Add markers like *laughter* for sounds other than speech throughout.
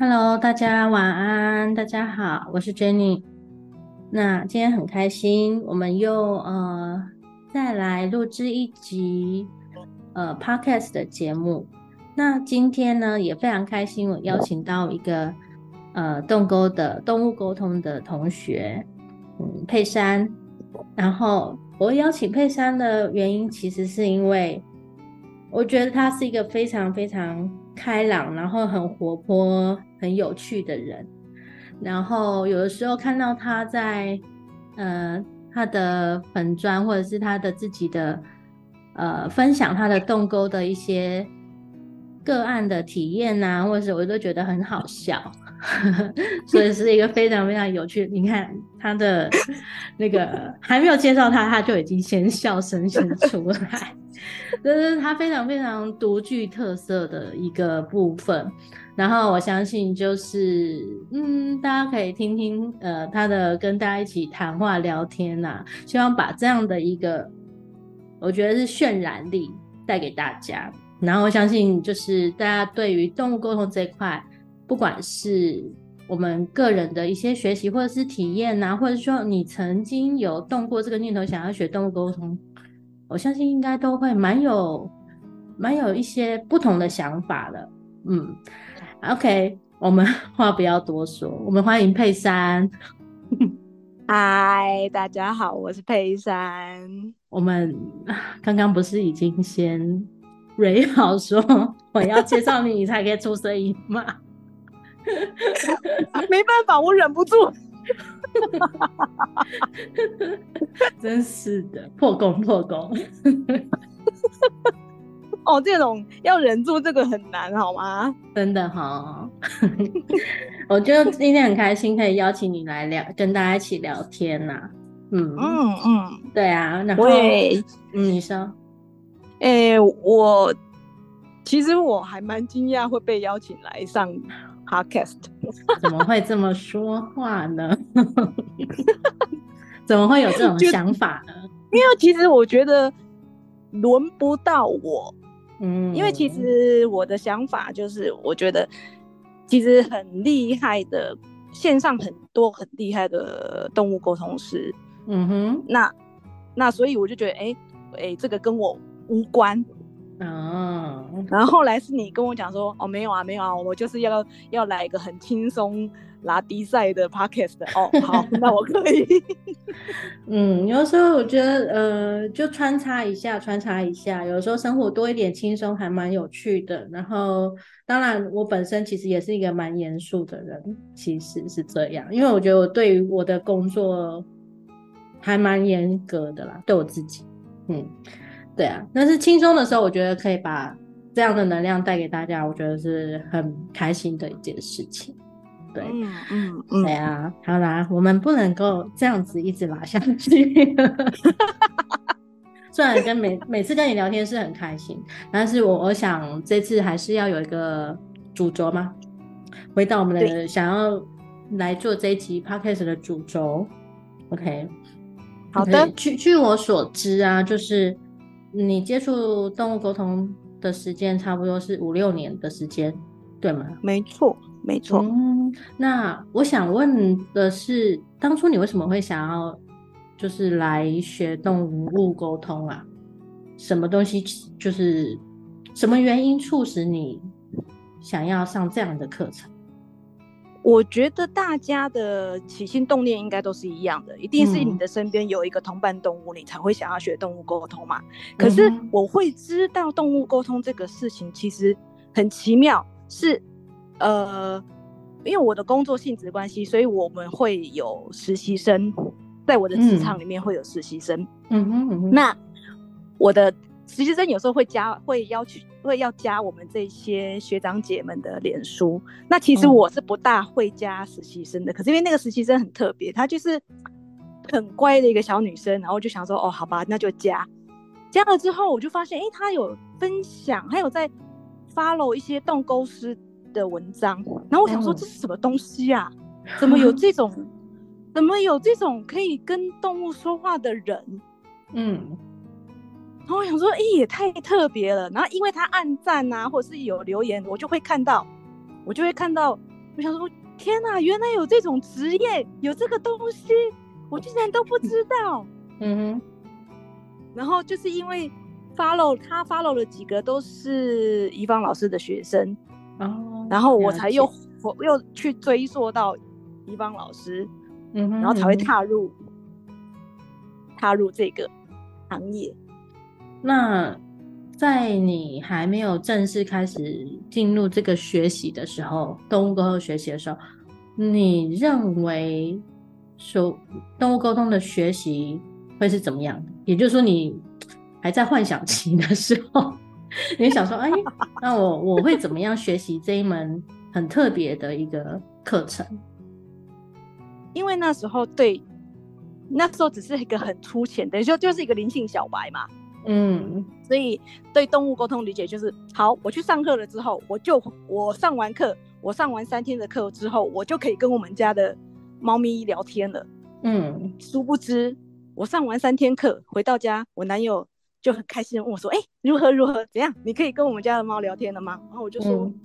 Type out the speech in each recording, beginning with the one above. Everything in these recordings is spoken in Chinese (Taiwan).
Hello，大家晚安，大家好，我是 Jenny。那今天很開心，我們又呃再來錄製一集呃 Podcast 的節目。那今天呢也非常開心，我邀請到一個呃動溝的動物溝通的同學，嗯，佩珊。然後我邀請佩珊的原因，其實是因為我覺得他是一個非常非常開朗，然後很活潑。很有趣的人，然後有的時候看到他在呃他的粉專或者是他的自己的呃分享他的動溝的一些個案的體驗吶、啊，或者是我都覺得很好笑。 *laughs* 所以是一個非常非常有趣的。你看他的那個還沒有介紹他，他就已經先笑聲先出來這 *laughs* 是他非常非常獨具特色的一個部分。然後我相信就是，嗯，大家可以聽聽呃他的跟大家一起談話聊天吶、啊，希望把這樣的一個我覺得是渲染力帶給大家。然後我相信就是大家對於動物溝通這一塊。不管是我們個人的一些學習或者是體驗吶、啊，或者說你曾經有動過這個念頭想要學動物溝通，我相信應該都會蠻有蠻有一些不同的想法的。嗯，OK，我們話不要多說，我們歡迎佩珊。 *laughs* Hi，大家好，我是佩珊。我們剛剛不是已經先蕊好說我要介紹你才可以出聲音嗎？ *laughs* *laughs* 沒辦法，我忍不住， *laughs* 真是的，破功破功！ *laughs* 哦，這種要忍住，這個很難，好嗎？真的哈、哦， *laughs* 我覺得今天很開心，可以邀請你來聊，跟大家一起聊天吶、啊。嗯嗯嗯，嗯對啊，然後我也、嗯、你說，哎、欸，我其實我還蠻驚訝會被邀請來上。啊 p s t Podcast *laughs* 怎麼會這麼說話呢？ *laughs* 怎麼會有這種想法呢？因為其實我覺得輪不到我，嗯，因為其實我的想法就是，我覺得其實很厲害的線上很多很厲害的動物溝通師，嗯哼，那那所以我就覺得，哎、欸、哎、欸，這個跟我無關。嗯，哦、然後後來是你跟我講說，哦，沒有啊，沒有啊，我就是要要來一個很輕鬆拉低賽的 podcast 的哦，好， *laughs* 那我可以。 *laughs* 嗯，有時候我覺得，呃，就穿插一下，穿插一下，有時候生活多一點輕鬆還蠻有趣的。然後，當然，我本身其實也是一個蠻嚴肅的人，其實是這樣，因為我覺得我對於我的工作還蠻嚴格的啦，對我自己，嗯。對啊，但是輕鬆的時候，我覺得可以把這樣的能量帶給大家，我覺得是很開心的一件事情。對，嗯，嗯對啊，嗯、好啦，嗯、我們不能夠這樣子一直拉下去呵呵。 *laughs* 雖然跟每每次跟你聊天是很開心， *laughs* 但是我我想這次還是要有一個主軸嗎？回到我們的想要來做這一集 Podcast 的主軸。對 OK，好的。Okay. 據據我所知啊，就是。你接觸動物溝通的時間差不多是五六年的時間，對嗎？沒錯，沒錯。嗯，那我想問的是，當初你為什麼會想要就是來學動物溝通啊？什麼東西就是什麼原因促使你想要上這樣的課程？我覺得大家的起心動念應該都是一樣的，一定是你的身邊有一個同伴動物，嗯、你才會想要學動物溝通嘛。可是我會知道動物溝通這個事情其實很奇妙，是，呃，因為我的工作性質關係，所以我們會有實習生，在我的職場裡面會有實習生。嗯哼嗯哼，那我的。實習生有時候會加，會要去，會要加我們這些學長姐們的臉書。那其實我是不大會加實習生的，嗯、可是因為那個實習生很特別，她就是很乖的一個小女生。然後就想說，哦，好吧，那就加。加了之後，我就發現，哎，她有分享，還有在 follow 一些動溝師的文章。然後我想說，嗯、這是什麼東西啊？怎麼有這種， *laughs* 怎麼有這種可以跟動物說話的人？嗯。然後我想說，哎、欸，也太特別了。然後因為他按讚啊，或者是有留言，我就會看到，我就會看到。我想說，天哪，原來有這種職業，有這個東西，我竟然都不知道。嗯哼。然後就是因為 follow 他 follow 了幾個都是怡芳老師的學生，哦啊、然後我才又了解我又去追溯到怡芳老師，嗯哼嗯哼，然後才會踏入踏入這個行業。那在你還沒有正式開始進入這個學習的時候，動物溝通學習的時候，你認為說動物溝通的學習會是怎麼樣？也就是說，你還在幻想期的時候，你想說：“ *laughs* 哎，那我我會怎麼樣學習這一門很特別的一個課程？” *laughs* 因為那時候對，對那時候只是一個很粗淺的，等於說就，就是一個靈性小白嘛。嗯，所以對動物溝通理解就是，好，我去上課了之後，我就我上完課，我上完三天的課之後，我就可以跟我們家的貓咪聊天了。嗯，嗯，殊不知我上完三天課回到家，我男友就很開心的問我說，哎、欸，如何如何，怎樣，你可以跟我們家的貓聊天了嗎？然後我就說，嗯、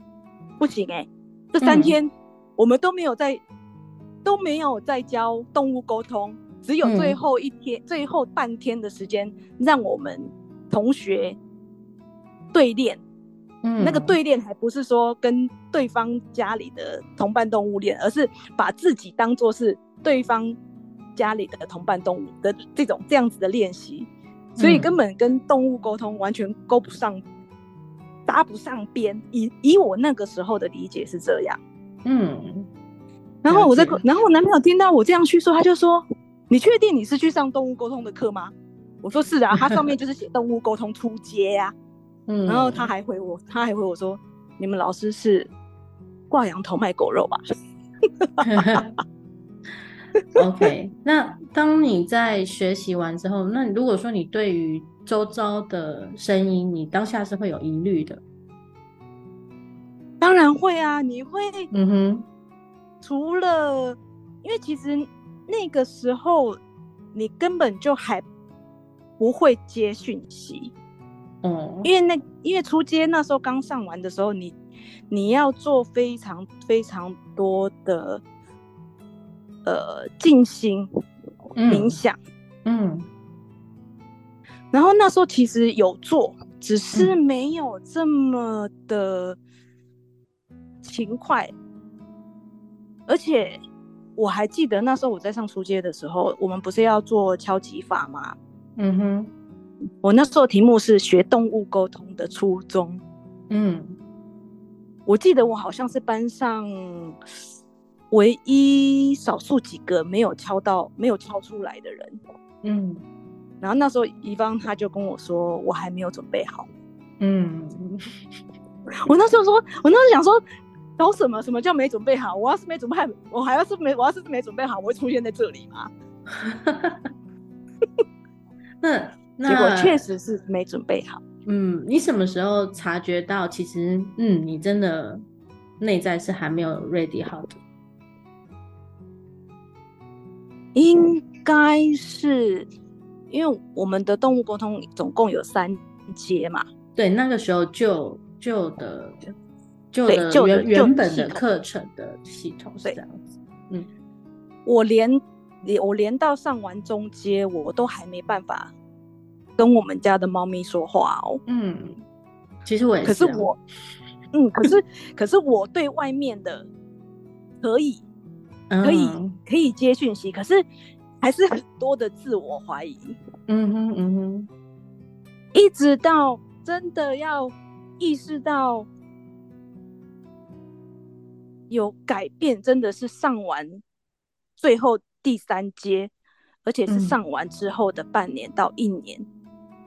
不行哎、欸，這三天、嗯、我們都沒有在都沒有在教動物溝通。只有最後一天，嗯、最後半天的時間，讓我們同學對練。嗯，那個對練還不是說跟對方家裡的同伴動物練，而是把自己當做是對方家裡的同伴動物的這種這樣子的練習，嗯、所以根本跟動物溝通完全勾不上，搭不上邊。以以我那個時候的理解是這樣。嗯，然後我在，然後我男朋友聽到我這樣去說，他就說。你確定你是去上動物溝通的課嗎？我說是啊，它上面就是寫動物溝通初階啊。 *laughs* 嗯，然後他還回我，他還回我說，你們老師是掛羊頭賣狗肉吧 *laughs* *laughs* ？OK，那當你在學習完之後，那如果說你對於周遭的聲音，你當下是會有疑慮的？當然會啊，你會，嗯哼，除了，因為其實。那個時候，你根本就還不會接訊息，嗯因，因為那，因為初階那時候剛上完的時候你，你你要做非常非常多的呃靜心冥想，嗯，響嗯，然後那時候其實有做，只是沒有這麼的勤快，嗯，而且。我還記得那時候我在上初階的時候，我們不是要做敲擊法嗎？嗯哼，我那時候的題目是學動物溝通的初衷。嗯，我記得我好像是班上唯一少數幾個沒有敲到、沒有敲出來的人。嗯，然後那時候一方他就跟我說，我還沒有準備好。嗯， *laughs* 我那時候說，我那時候想說。搞什麼？什麼叫沒準備好？我要是沒準備，我還要是沒我要是沒準備好，我會出現在這裡嗎？ *laughs* 那那確實是沒準備好。嗯，你什麼時候察覺到其實，嗯，你真的內在是還沒有 ready 好的？應該是因為我們的動物溝通總共有三階嘛？對，那個時候就就的。就原原本的課程的系統，是這樣子，就就嗯，我連我連到上完中階，我都還沒辦法跟我們家的貓咪說話哦。嗯，其實我也是、啊、可是我，嗯，可是可是我對外面的可以、嗯、可以可以接訊息，可是還是很多的自我懷疑嗯。嗯哼嗯哼，一直到真的要意識到。有改變，真的是上完最後第三階，而且是上完之後的半年到一年，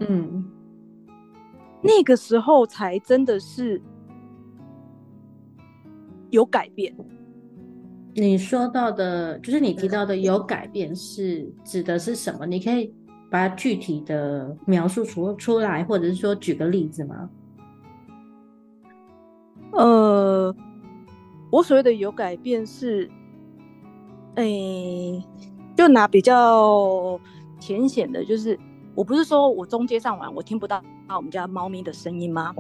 嗯，嗯，那個時候才真的是有改變。你說到的，就是你提到的有改變，是指的是什麼？你可以把具體的描述出出來，或者是說舉個例子嗎？呃。我所謂的有改變是，誒、欸。就拿比較淺顯的，就是我不是說我中階上完我聽不到我們家貓咪的聲音嗎？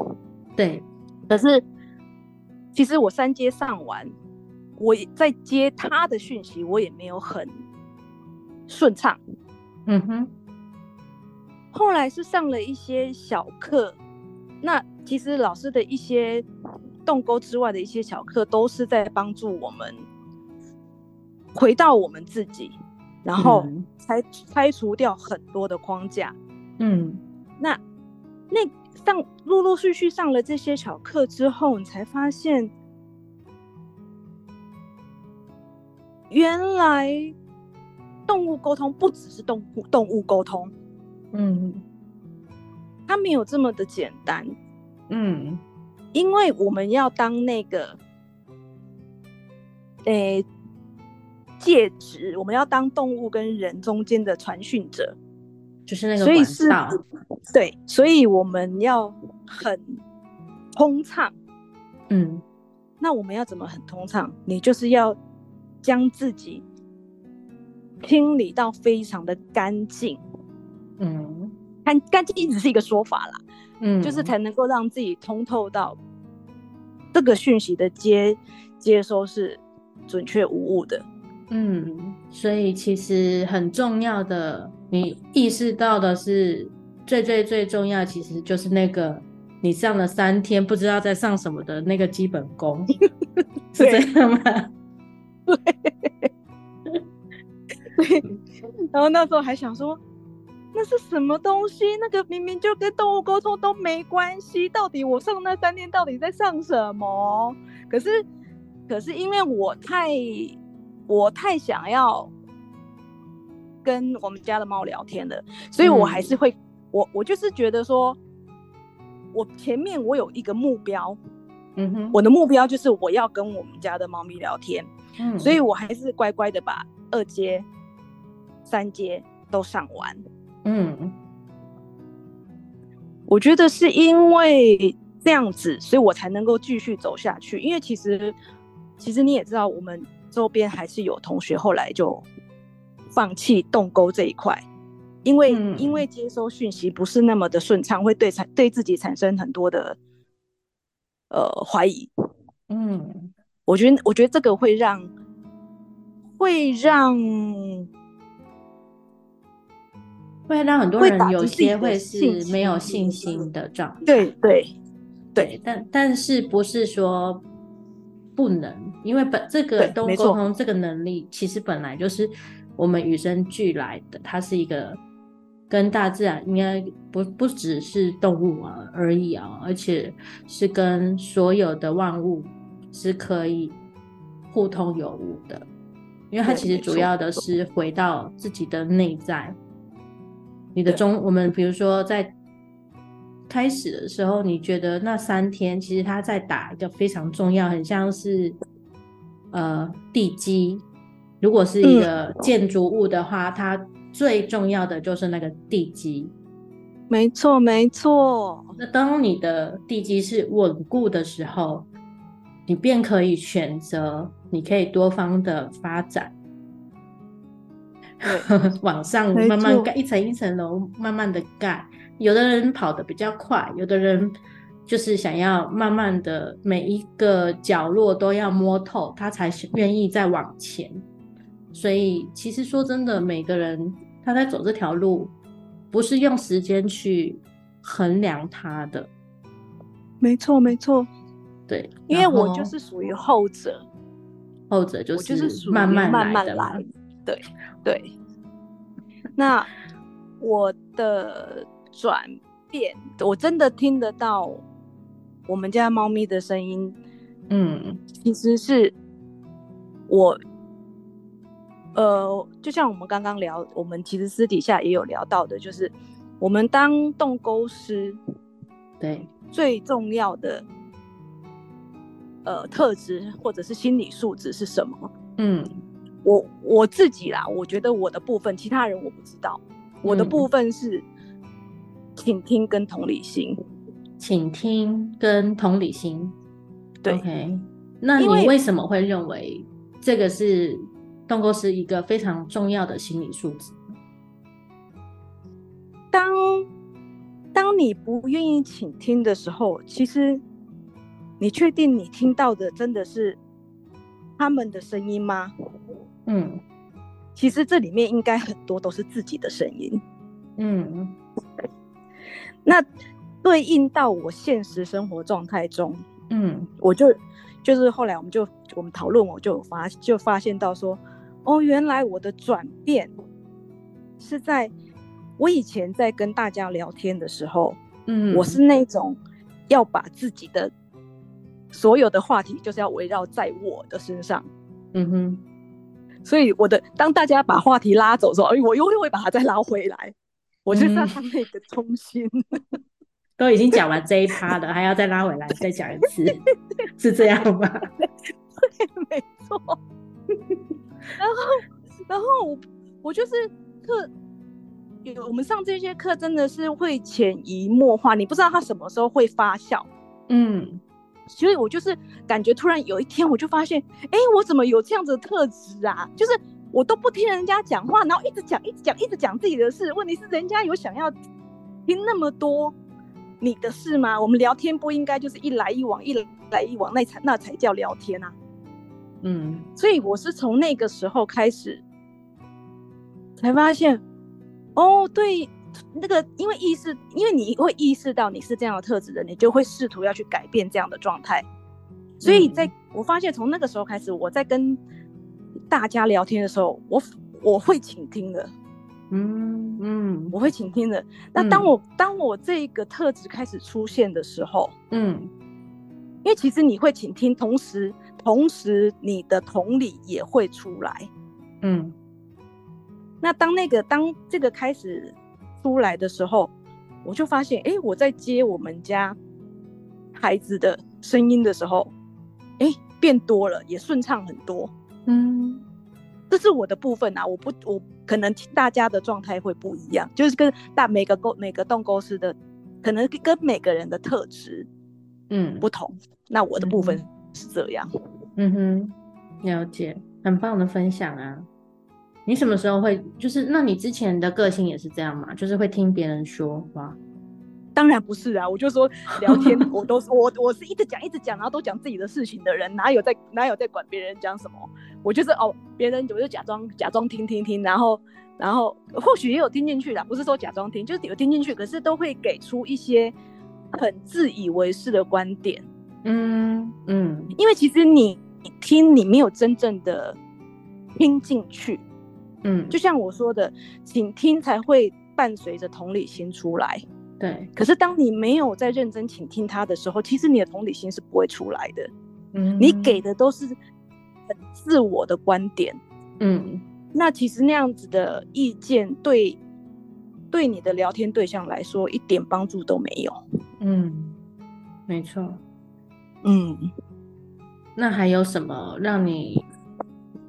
對，可是其實我三階上完，我在接他的訊息，我也沒有很順暢。嗯哼。後來是上了一些小課，那其實老師的一些。動溝之外的一些小課，都是在幫助我們回到我們自己，然後拆、嗯、拆除掉很多的框架。嗯，那那上陸陸續續上了這些小課之後，你才發現，原來動物溝通不只是動物動物溝通，嗯，它沒有這麼的簡單，嗯。因為我們要當那個，誒、欸，介質，我們要當動物跟人中間的傳訊者，就是那個管道，所以是，對，所以我們要很通暢，嗯，那我們要怎麼很通暢？你就是要將自己清理到非常的乾淨，嗯，乾乾淨只是一個說法啦，嗯，就是才能夠讓自己通透到。這個訊息的接接收是準確無誤的，嗯，所以其實很重要的，你意識到的是 Okay. 最最最重要其實就是那個你上了三天不知道在上什麼的那個基本功， *laughs* 是這樣嗎？ *laughs* 對？對， *laughs* 對 *laughs* 然後那時候還想說。那是什麼東西？那個明明就跟動物溝通都沒關係。到底我上那三天到底在上什麼？可是，可是因為我太，我太想要跟我們家的貓聊天了，所以我還是會，嗯、我我就是覺得說，我前面我有一個目標，嗯哼，我的目標就是我要跟我們家的貓咪聊天，嗯，所以我還是乖乖的把二階、三階都上完。嗯，我覺得是因為這樣子，所以我才能夠繼續走下去。因為其實，其實你也知道，我們周邊還是有同學後來就放棄動溝這一塊，因為、嗯、因為接收訊息不是那麼的順暢，會對對自己產生很多的呃懷疑。嗯，我覺得我覺得這個會讓會讓。會讓很多人有些會是沒有信心的狀態。對對對，對，但但是不是說不能，因為本這個動物溝通這個能力，其實本來就是我們與生俱來的。它是一個跟大自然應該不不只是動物啊？而已啊、哦，而且是跟所有的萬物是可以互通有無的。因為它其實主要的是回到自己的內在。你的中，對我們比如說在開始的時候，你覺得那三天其實他在打一個非常重要，很像是呃地基。如果是一個建築物的話，嗯、它最重要的就是那個地基。沒錯，沒錯。那當你的地基是穩固的時候，你便可以選擇，你可以多方的發展。 *laughs* 往上慢慢蓋，錯一層一層樓慢慢的蓋。有的人跑得比較快，有的人就是想要慢慢的每一個角落都要摸透，他才願意再往前。所以，其實說真的，每個人他在走這條路，不是用時間去衡量他的。沒錯，沒錯，對，因為我就是屬於後者，後者就是慢慢的是慢慢來。對對，那我的轉變，我真的聽得到我們家貓咪的聲音。嗯，其實是我，呃，就像我們剛剛聊，我們其實私底下也有聊到的，就是我們當動溝師，對，最重要的對呃特質或者是心理素質是什麼？嗯。我我自己啦，我覺得我的部分，其他人我不知道。我的部分是，傾聽跟同理心，傾、嗯、聽跟同理心。對、Okay. 那你為什麼會認為這個是動作是一個非常重要的心理素質？當當你不願意傾聽的時候，其實你確定你聽到的真的是他們的聲音嗎？嗯，其實這裡面應該很多都是自己的聲音。嗯，那對應到我現實生活狀態中，嗯，我就就是後來我們就我們討論，我就發就發現到說，哦，原來我的轉變是在我以前在跟大家聊天的時候，嗯，我是那種要把自己的所有的話題就是要圍繞在我的身上。嗯哼。所以我的，當大家把話題拉走之後哎、欸，我又，又會把它再拉回來，嗯、我就在他那個中心。都已經講完這一趴了， *laughs* 還要再拉回來再講一次，對 是這樣嗎？對，沒錯。 *laughs* 然後，然後我，我就是特，有我們上這些課，真的是會潛移默化，你不知道他什麼時候會發酵。嗯。所以我就是感覺突然有一天，我就發現，哎、欸，我怎麼有這樣子的特質啊？就是我都不聽人家講話，然後一直講、一直講、一直講自己的事。問題是，人家有想要聽那麼多你的事嗎？我們聊天不應該就是一來一往、一來一往那才那才叫聊天啊。嗯，所以我是從那個時候開始才發現，哦，對。那個，因為意識，因為你會意識到你是這樣的特質的，你就會試圖要去改變這樣的狀態。所以在，在、嗯、我發現從那個時候開始，我在跟大家聊天的時候，我我會傾聽的，嗯嗯，嗯我會傾聽的。那當我、嗯、當我這個特質開始出現的時候，嗯，因為其實你會傾聽，同時同時你的同理也會出來，嗯。那當那個當這個開始。出來的時候，我就發現，誒、欸，我在接我們家孩子的聲音的時候，誒、欸，變多了，也順暢很多。嗯，這是我的部分啊，我不，我可能大家的狀態會不一樣，就是跟大每個溝每個動溝師的，可能跟每個人的特質嗯不同。嗯、那我的部分是這樣，嗯哼，了解，很棒的分享啊！你什麼時候會就是？那你之前的個性也是這樣嘛？就是會聽別人說話？當然不是啊！我就說聊天， *laughs* 我都是我我是一直講一直講，然後都講自己的事情的人，哪有在哪有在管別人講什麼？我就是哦，別人我就假裝假裝聽聽聽，然後然後或許也有聽進去的，不是說假裝聽，就是有聽進去，可是都會給出一些很自以為是的觀點。嗯嗯，嗯因為其實你一聽，你沒有真正的聽進去。嗯，就像我說的，傾聽才會伴隨着同理心出來。對，可是當你沒有在認真傾聽他的時候，其實你的同理心是不會出來的。嗯，你給的都是很自我的觀點。嗯，嗯，那其實那樣子的意見，對，對你的聊天對象來說一點幫助都沒有。嗯，沒錯。嗯，那還有什麼讓你？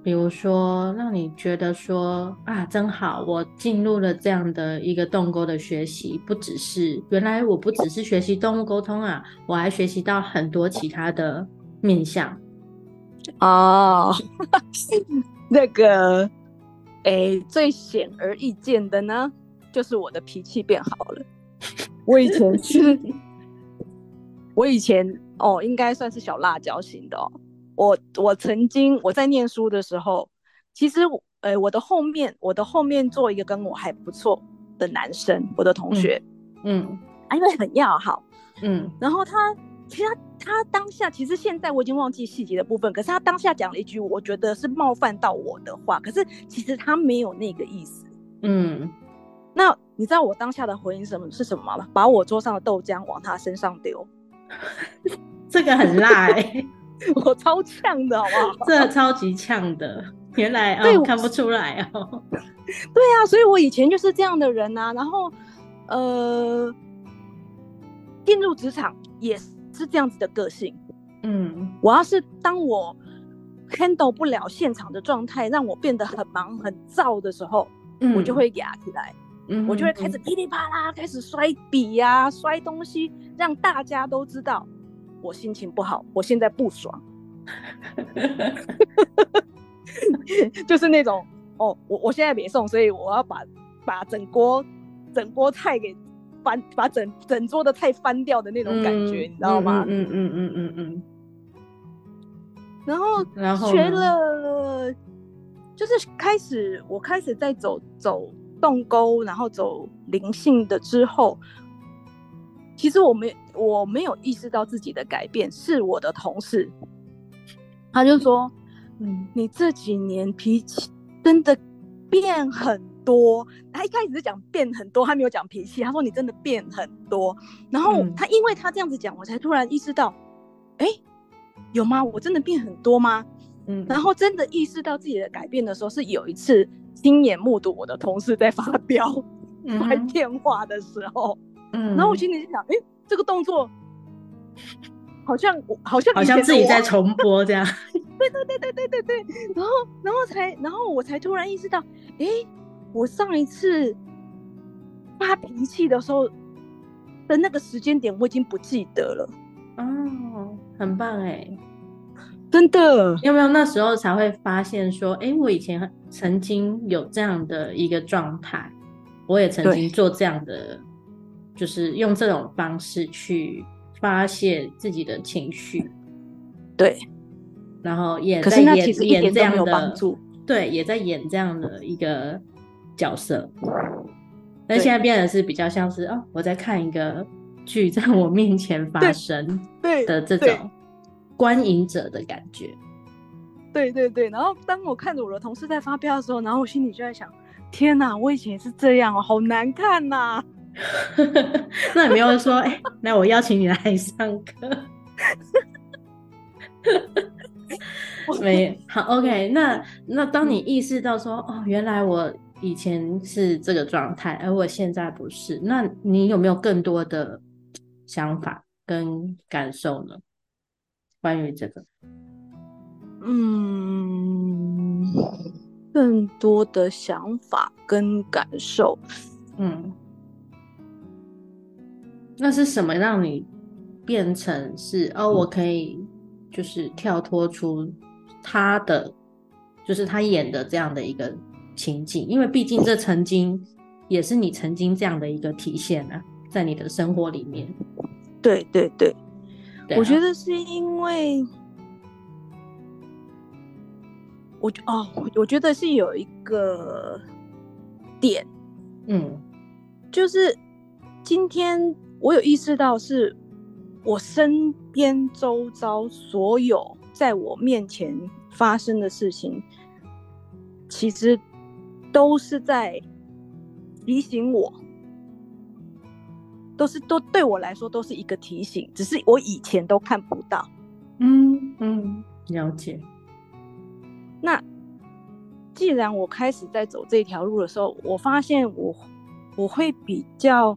比如說，讓你覺得說啊，真好，我進入了這樣的一個動溝的學習，不只是原來我不只是學習動物溝通啊，我還學習到很多其他的面向。哦， *laughs* 那個，哎、欸，最顯而易見的呢，就是我的脾氣變好了。 *laughs* 我以前是， *laughs* 我以前哦，應該算是小辣椒型的哦。我我曾經我在念書的時候，其實，呃，我的後面我的後面坐一個跟我還不錯的男生，我的同學，嗯，嗯、啊，因為很要好，嗯，然後他，其實他他當下其實現在我已經忘記細節的部分，可是他當下講了一句我覺得是冒犯到我的話，可是其實他沒有那個意思，嗯，那你知道我當下的回應什麼是什麼嗎？把我桌上的豆漿往他身上丟，這個很辣、欸。 *laughs* *laughs* 我超嗆的好不好？這超級嗆的， *laughs* 原來對哦，我看不出來哦。 *laughs* 對啊，所以我以前就是這樣的人吶，啊。然後，呃，進入職場也是這樣子的個性。嗯，我要是當我 handle 不了現場的狀態，讓我變得很忙很燥的時候，嗯，我就會啞起來。嗯，嗯，我就會開始噼里啪啦，開始摔筆呀，啊，摔東西，讓大家都知道。我心情不好，我現在不爽， *laughs* *laughs* 就是那種哦，我我現在別送，所以我要把把整鍋整鍋菜給翻，把整整桌的菜翻掉的那種感覺，嗯、你知道嗎？嗯嗯嗯嗯嗯。嗯嗯嗯嗯嗯嗯，然後覺得，然後學了，就是開始我開始在走走動溝，然後走靈性的之後。其實我沒我沒有意識到自己的改變，是我的同事，他就說，嗯，你這幾年脾氣真的變很多。他一開始是講變很多，他沒有講脾氣，他說你真的變很多。然後他因為他這樣子講，我才突然意識到，哎，有嗎？我真的變很多嗎？嗯。然後真的意識到自己的改變的時候，是有一次親眼目睹我的同事在發飆，嗯哼，打電話的時候。嗯，然後我心裡就想，哎、欸，這個動作好像我好像好像自己在重播這樣。 *laughs* 對對對對對對對，然後然後才然後我才突然意識到，哎、欸，我上一次發脾氣的時候的那個時間點，我已經不記得了。哦，很棒哎、欸，真的，有沒有那時候才會發現說，哎、欸，我以前曾經有這樣的一個狀態，我也曾經做這樣的。就是用這種方式去發洩自己的情緒，對，然後也在演，可是其實演這樣的，一點都沒有幫助，對，也在演這樣的一個角色。對但現在變得是比較像是哦，我在看一個劇在我面前發生的這種觀影者的感覺。對對對，對對對，然後當我看着我的同事在發飆的時候，然後我心裡就在想：天啊，我以前也是這樣哦，好難看啊。 *laughs* 那有沒有說、 *laughs* 欸？那我邀請你來上課。 *laughs* 沒好，OK 那。那那當你意識到說，嗯、哦，原來我以前是這個狀態，而我現在不是。那你有沒有更多的想法跟感受呢？關於這個，嗯，更多的想法跟感受，嗯。那是什麼讓你變成是，哦，我可以就是跳脫出他的，就是他演的這樣的一個情景，因為畢竟這曾經也是你曾經這樣的一個體現啊，在你的生活裡面。對對對，對啊。我覺得是因為我哦，我我覺得是有一個點，嗯，就是今天。我有意識到是，我身邊周遭所有在我面前發生的事情，其實都是在提醒我，都是都對我來說都是一個提醒，只是我以前都看不到。嗯嗯，嗯，了解。那既然我開始在走這條路的時候，我發現我我會比較。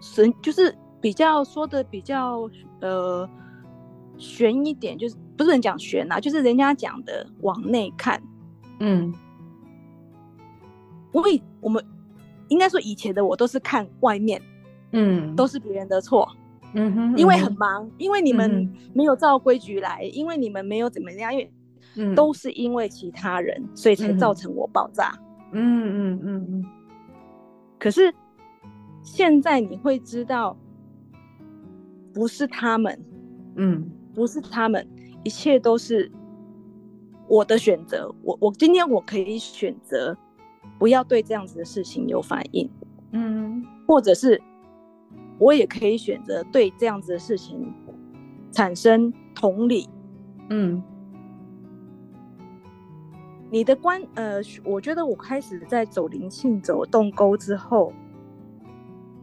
神就是比較說的比較，呃玄一點，就是不是講玄吶，就是人家講的往內看。嗯，我以我們應該說以前的我都是看外面，嗯，都是別人的錯、嗯，嗯哼，因為很忙，因為你們沒有照規矩來，嗯、哼因為你們沒有怎麼樣，因為都是因為其他人，所以才造成我爆炸。嗯嗯嗯嗯，可是。現在你會知道，不是他們，嗯，不是他們，一切都是我的選擇。我我今天我可以選擇，不要對這樣子的事情有反應，嗯，或者是我也可以選擇對這樣子的事情產生同理，嗯。你的關，呃，我覺得我開始在走靈性、走動溝之後。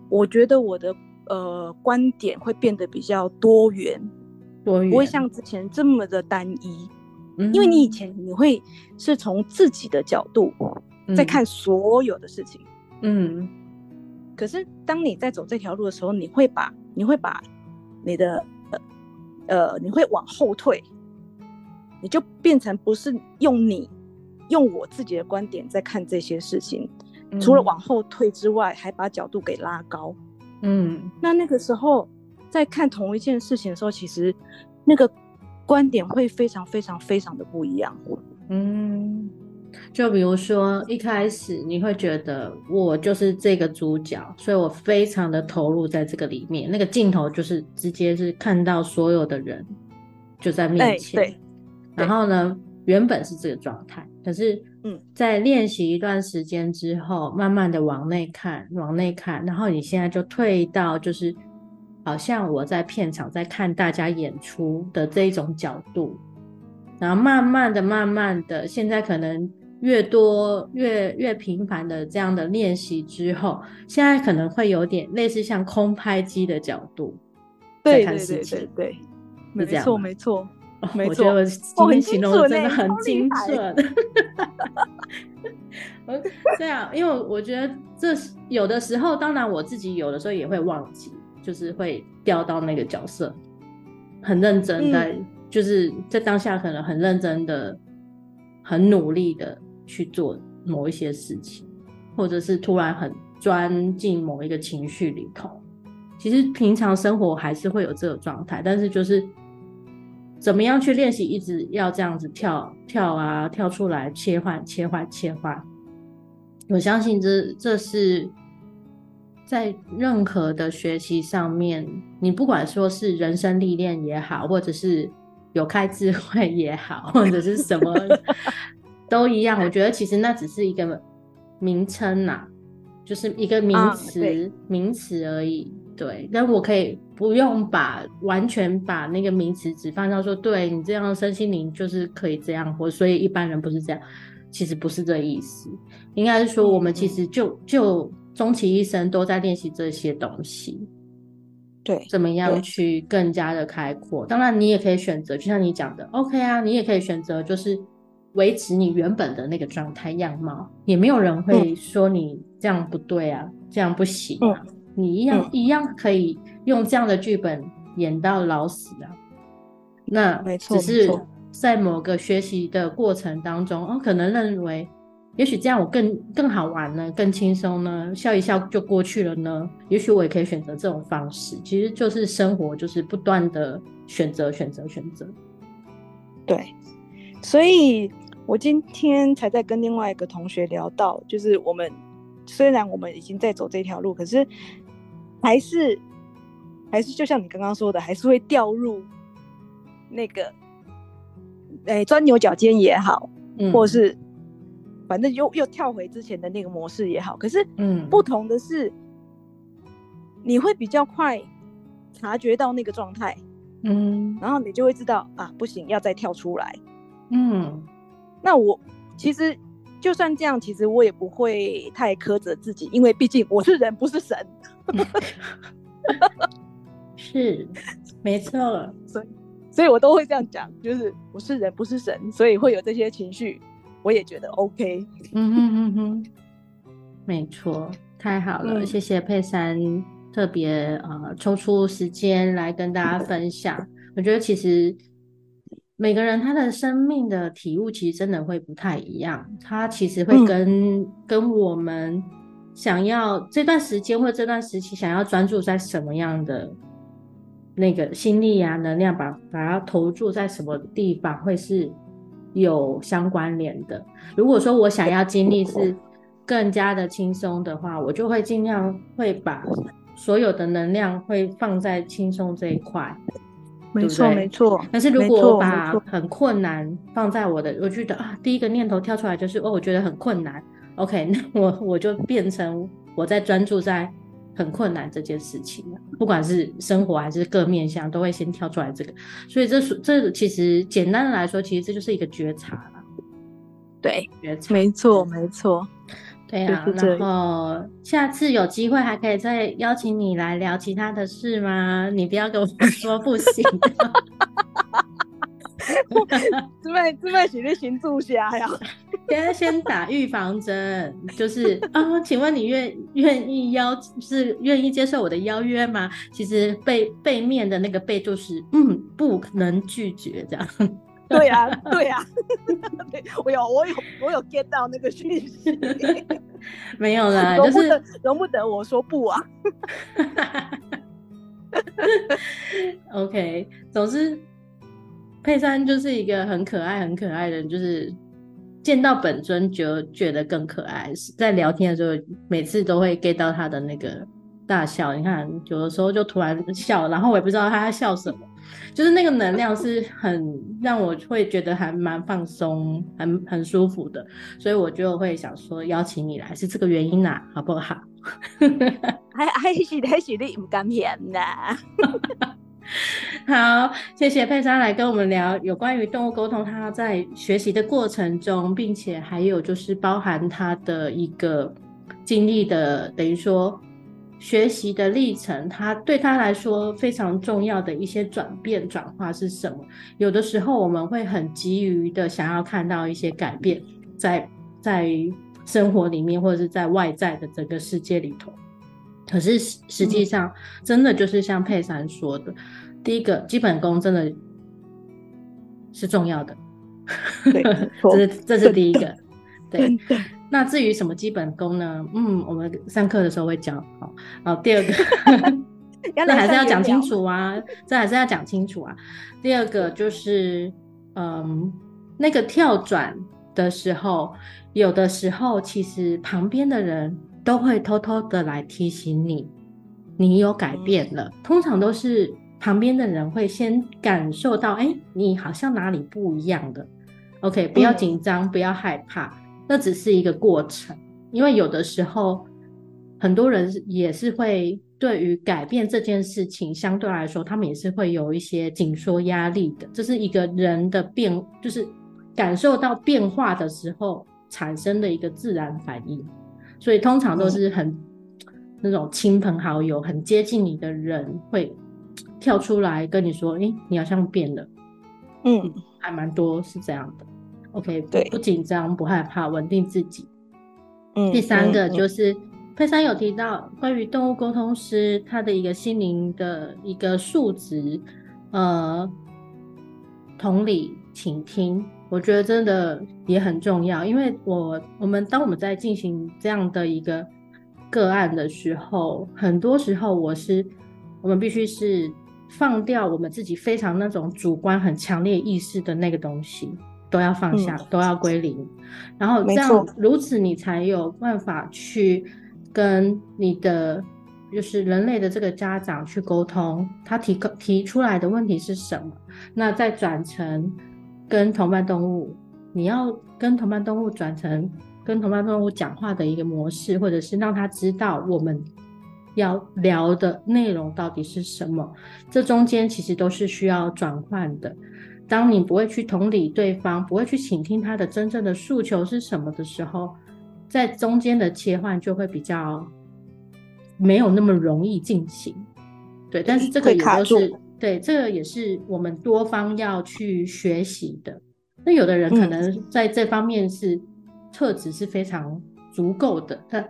我覺得我的呃觀點會變得比較多元，多元不會像之前這麼的單一，嗯、哼因為你以前你會是從自己的角度在看所有的事情。嗯，哼嗯，可是當你在走這條路的時候，你會把你會把你的呃你會往後退，你就變成不是用你用我自己的觀點在看這些事情，除了往後退之外，嗯、還把角度給拉高。嗯，那那個時候在看同一件事情的時候，其實那個觀點會非常非常非常的不一樣。嗯，就比如說一開始你會覺得我就是這個主角，所以我非常的投入在這個裡面。那個鏡頭就是直接是看到所有的人就在面前。對、欸、對。然後呢，對原本是這個狀態。可是，嗯，在練習一段時間之後，嗯、慢慢的往內看，往內看，然後你現在就退到就是，好像我在片場在看大家演出的這一種角度，然後慢慢的、慢慢的，現在可能越多越越頻繁的這樣的練習之後，現在可能會有點類似像空拍機的角度，對對對對對沒，沒錯沒錯。哦、錯我覺得我今天形容，欸、的真的很精準。這樣，欸 *laughs* *laughs* 對啊，因為我覺得這有的時候，當然我自己有的時候也會忘記，就是會掉到那個角色，很認真在，嗯、就是在當下可能很認真的、很努力的去做某一些事情，或者是突然很鑽進某一個情緒裡頭。其實平常生活還是會有這個狀態，但是就是。怎麼樣去練習？一直要這樣子跳跳啊，跳出來，切換切換切換。我相信這這是在任何的學習上面，你不管說是人生歷練也好，或者是有開智慧也好，或者是什麼都一樣。 *laughs* 我覺得其實那只是一個名稱吶，啊，就是一個名詞，啊，名詞而已。對，但我可以不用把完全把那個名詞只放到說，對你這樣的身心靈就是可以這樣活，所以一般人不是這樣，其實不是這意思，應該是說我們其實就、嗯、就終其一生都在練習這些東西，對，怎麼樣去更加的開闊？對當然，你也可以選擇，就像你講的，OK 啊，你也可以選擇就是維持你原本的那個狀態樣貌，也沒有人會說你這樣不對啊，嗯、這樣不行啊。嗯你一樣、嗯、一樣可以用這樣的劇本演到老死啊！那沒錯，只是在某個學習的過程當中，哦，可能認為，也許這樣我更更好玩呢，更輕鬆呢，笑一笑就過去了呢。也許我也可以選擇這種方式。其實就是生活，就是不斷的選擇，選擇，選擇。對，所以我今天才在跟另外一個同學聊到，就是我們雖然我們已經在走這條路，可是。還是，還是就像你剛剛說的，還是會掉入那個，哎、欸，鑽牛角尖也好，嗯、或是，反正又又跳回之前的那個模式也好。可是，嗯，不同的是，嗯、你會比較快察覺到那個狀態，嗯，然後你就會知道啊，不行，要再跳出來，嗯。那我其實就算這樣，其實我也不會太苛責自己，因為畢竟我是人，不是神。 *laughs* *laughs* 是，沒錯，所以，所以我都會這樣講，就是我是人，不是神，所以會有這些情緒，我也覺得 OK。 *laughs* 嗯嗯嗯嗯，沒錯，太好了，嗯、謝謝佩珊，特別呃，抽出時間來跟大家分享。嗯、我覺得其實每個人他的生命的體悟，其實真的會不太一樣，他其實會跟、嗯、跟我們。想要這段時間或這段時期，想要專注在什麼樣的那個心力呀、啊、能量把，把把它投注在什麼地方，會是有相關聯的。如果說我想要經歷是更加的輕鬆的話，我就會盡量會把所有的能量會放在輕鬆這一塊，沒錯沒錯。但是如果我把很困難放在我的，我覺得啊，第一個念頭跳出來就是哦，我覺得很困難。OK，那我我就變成我在專注在很困難這件事情了啊，不管是生活還是各面向，都會先跳出來這個。所以這是這其實簡單的來說，其實這就是一個覺察啦，對，覺察，沒錯，沒錯，對啊，然後下次有機會還可以再邀請你來聊其他的事嗎？你不要跟我說不行。 *laughs* 這賣這賣，誰 *laughs* 在行住腳呀？先先打預防針，就是啊、哦，請問你願願意邀，是願意接受我的邀約嗎？其實背背面的那個備注、就是，嗯，不能拒絕這樣。 *laughs* 對呀、啊，對呀、啊， *laughs* 我有我有我有 get 到那個訊息， *laughs* 沒有啦，就是容不，容不得我說不啊。 *laughs* *laughs* OK，總之。佩珊就是一個很可愛、很可愛的人，就是見到本尊就覺得更可愛。在聊天的時候，每次都會 get 到他的那個大笑。你看，有的時候就突然笑，然後我也不知道他在笑什麼，就是那個能量是很讓我會覺得還蠻放鬆、很很舒服的。所以我就會想說邀請你來，是這個原因吶、啊，好不好？ *laughs* 還還是還是你不敢騙吶、啊？ *laughs* 好，謝謝佩珊來跟我們聊有關於動物溝通。它在學習的過程中，並且還有就是包含它的一個經歷的，等於說學習的歷程。它對他來說非常重要的一些轉變轉化是什麼？有的時候我們會很急於的想要看到一些改變在，在在生活裡面，或者是在外在的整個世界裡頭。可是實際上，真的就是像佩珊說的，嗯、第一個基本功真的是重要的，對 *laughs* 這是這是第一個。 *laughs* 對，對那至於什麼基本功呢？嗯，我們上課的時候會講，好，第二個，那 *laughs* *laughs* 還是要講清楚啊，這還是要講清楚啊。 *laughs* 第二個就是，嗯，那個跳轉的時候，有的時候其實旁邊的人。都會偷偷的來提醒你，你有改變了。通常都是旁邊的人會先感受到，哎，你好像哪裡不一樣了。OK，不要緊張，嗯、不要害怕，那只是一個過程。因為有的時候，很多人也是會對於改變這件事情相對來說，他們也是會有一些緊縮壓力的。這是一個人的變，就是感受到變化的時候產生的一個自然反應。所以通常都是很、嗯、那種親朋好友、很接近你的人會跳出來跟你說：“誒、欸，你好像變了。”嗯，還蠻多是這樣的。OK，對不緊張、不害怕，穩定自己。嗯、第三個就是、嗯嗯、佩珊有提到關於動物溝通師他的一個心靈的一個素質，呃，同理傾聽。我覺得真的也很重要，因為我我們當我們在進行這樣的一個個案的時候，很多時候我是我們必須是放掉我們自己非常那種主觀很強烈意識的那個東西，都要放下，嗯、都要歸零，然後這樣，沒錯，如此，你才有辦法去跟你的就是人類的這個家長去溝通，他提提出來的問題是什麼，那再轉成。跟同伴動物，你要跟同伴動物轉成跟同伴動物講話的一個模式，或者是讓他知道我們要聊的內容到底是什麼，這中間其實都是需要轉換的。當你不會去同理對方，不會去傾聽他的真正的訴求是什麼的時候，在中間的切換就會比較沒有那麼容易進行。對，但是這個也都、就是。對，這個也是我們多方要去學習的。那有的人可能在這方面是特質是非常足夠的，嗯，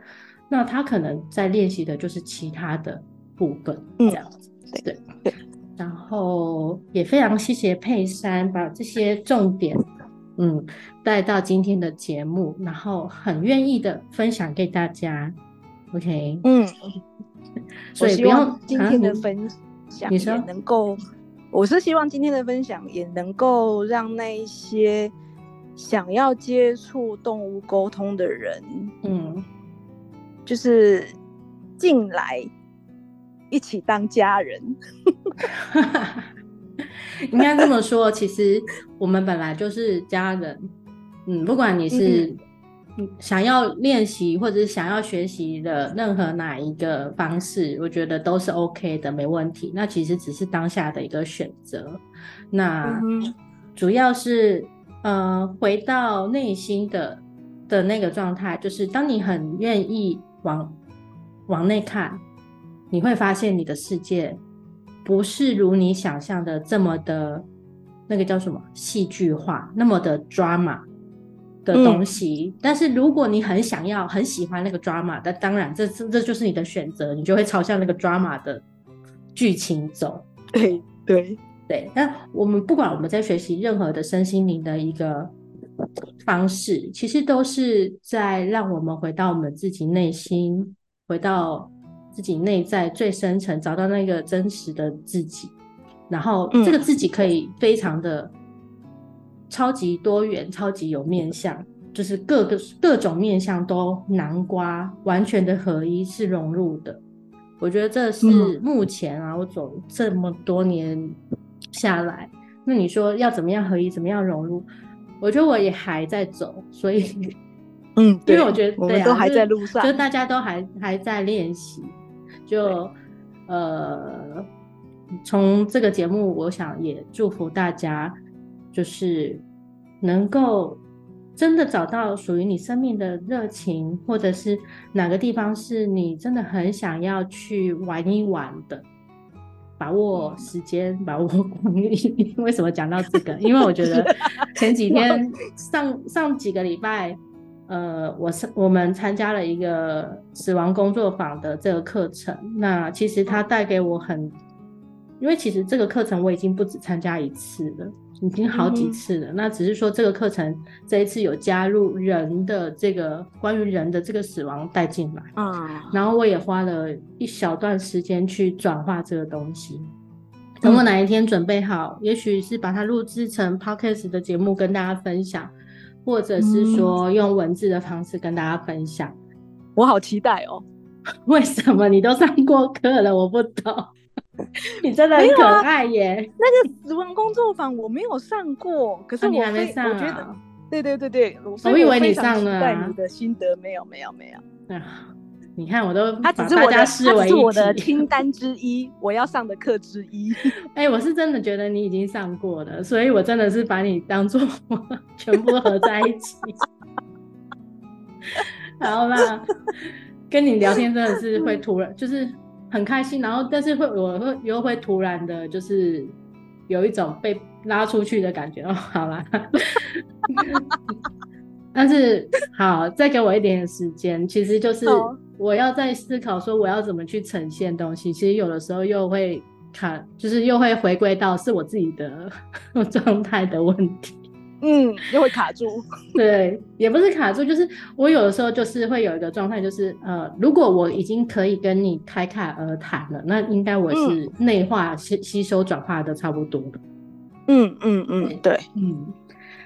那他可能在練習的就是其他的部分，這樣子。對、嗯、對。對，然後也非常謝謝佩珊把這些重點，嗯，帶到今天的節目，然後很願意的分享給大家。OK，嗯，所以不用今天的分、啊也能夠，說我是希望今天的分享也能夠讓那一些想要接觸動物溝通的人，嗯、嗯，就是進來一起當家人。 *laughs* *laughs* 應該這麼說，其實我們本來就是家人。嗯，不管你是。嗯嗯想要練習或者是想要學習的任何哪一個方式，我覺得都是 OK 的，沒問題。那其實只是當下的一個選擇。那主要是呃，回到內心的的那個狀態，就是當你很願意往往內看，你會發現你的世界不是如你想象的這麼的，那個叫什麼戲劇化，那麼的抓馬。的東西，嗯、但是，如果你很想要、很喜歡那個 drama，那當然這、這這就是你的選擇，你就會朝向那個 drama 的劇情走。對對對。那我們不管我們在學習任何的身心靈的一個方式，其實都是在讓我們回到我們自己內心，回到自己內在最深層，找到那個真實的自己。然後這個自己可以非常的。超級多元，超級有面向，嗯、就是各個各種面向都南瓜完全的合一是融入的。我覺得這是目前啊，嗯、我走這麼多年下來，那你說要怎麼樣合一，怎麼樣融入？我覺得我也還在走，所以嗯，因為我覺得對、啊、我們都還在路上，就是就是、大家都還還在練習。就對呃，從這個節目，我想也祝福大家。就是能夠真的找到屬於你生命的熱情，或者是哪個地方是你真的很想要去玩一玩的。把握時間，嗯、把握光陰。為什麼講到這個？ *laughs* 因為我覺得前幾天上 *laughs* 上幾個禮拜，呃，我是我們參加了一個死亡工作坊的這個課程，那其實它帶給我很。因為其實這個課程我已經不止參加一次了，已經好幾次了。嗯嗯。那只是說這個課程這一次有加入人的這個關於人的這個死亡帶進來，啊，然後我也花了一小段時間去轉化這個東西。等我哪一天準備好，嗯、也許是把它錄制成 Podcast 的節目跟大家分享，或者是說用文字的方式跟大家分享。我好期待哦！為什麼你都上過課了？我不懂。 *laughs* 你真的很可愛耶！啊、那個死亡工作坊我沒有上過，可是我、啊、你還沒上、啊、我覺得，對對對對，以我，我以為你上了啊。你的心得沒有沒有沒有、嗯。你看我都把大家視為我的清單之一，我要上的課之一。哎、 *laughs* 欸，我是真的覺得你已經上過了，所以我真的是把你當做 *laughs* 全部合在一起。 *laughs* 好啦，跟你聊天真的是會突然、 *laughs* 嗯、就是。很開心，然後但是會我會又會突然的，就是有一種被拉出去的感覺哦。好啦 *laughs* 但是好，再給我一點點時間，其實就是我要在思考說我要怎麼去呈現東西。哦，其實有的時候又會卡，就是又會回歸到是我自己的狀態的問題。嗯，又會卡住。 *laughs* 對，也不是卡住，就是我有的時候就是會有一個狀態，就是呃，如果我已經可以跟你侃侃而談了，那應該我是內化、嗯、吸吸收轉化的差不多了。嗯。嗯嗯嗯，對，對嗯，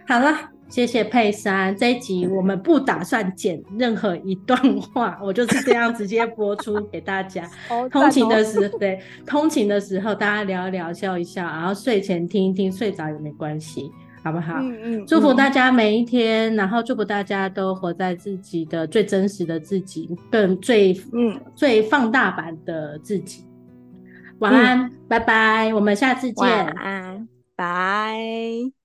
好了，謝謝佩珊。這一集我們不打算剪任何一段話， *laughs* 我就是這樣直接播出給大家。 *laughs* 哦、通勤的時候 *laughs* 對，通勤的時候大家聊一聊，笑一笑，然後睡前聽一聽，睡着也沒關係。好不好？嗯嗯，祝福大家每一天，嗯，然後祝福大家都活在自己的最真實的自己，更最嗯最放大版的自己。晚安，嗯，拜拜，我們下次見。晚安，拜。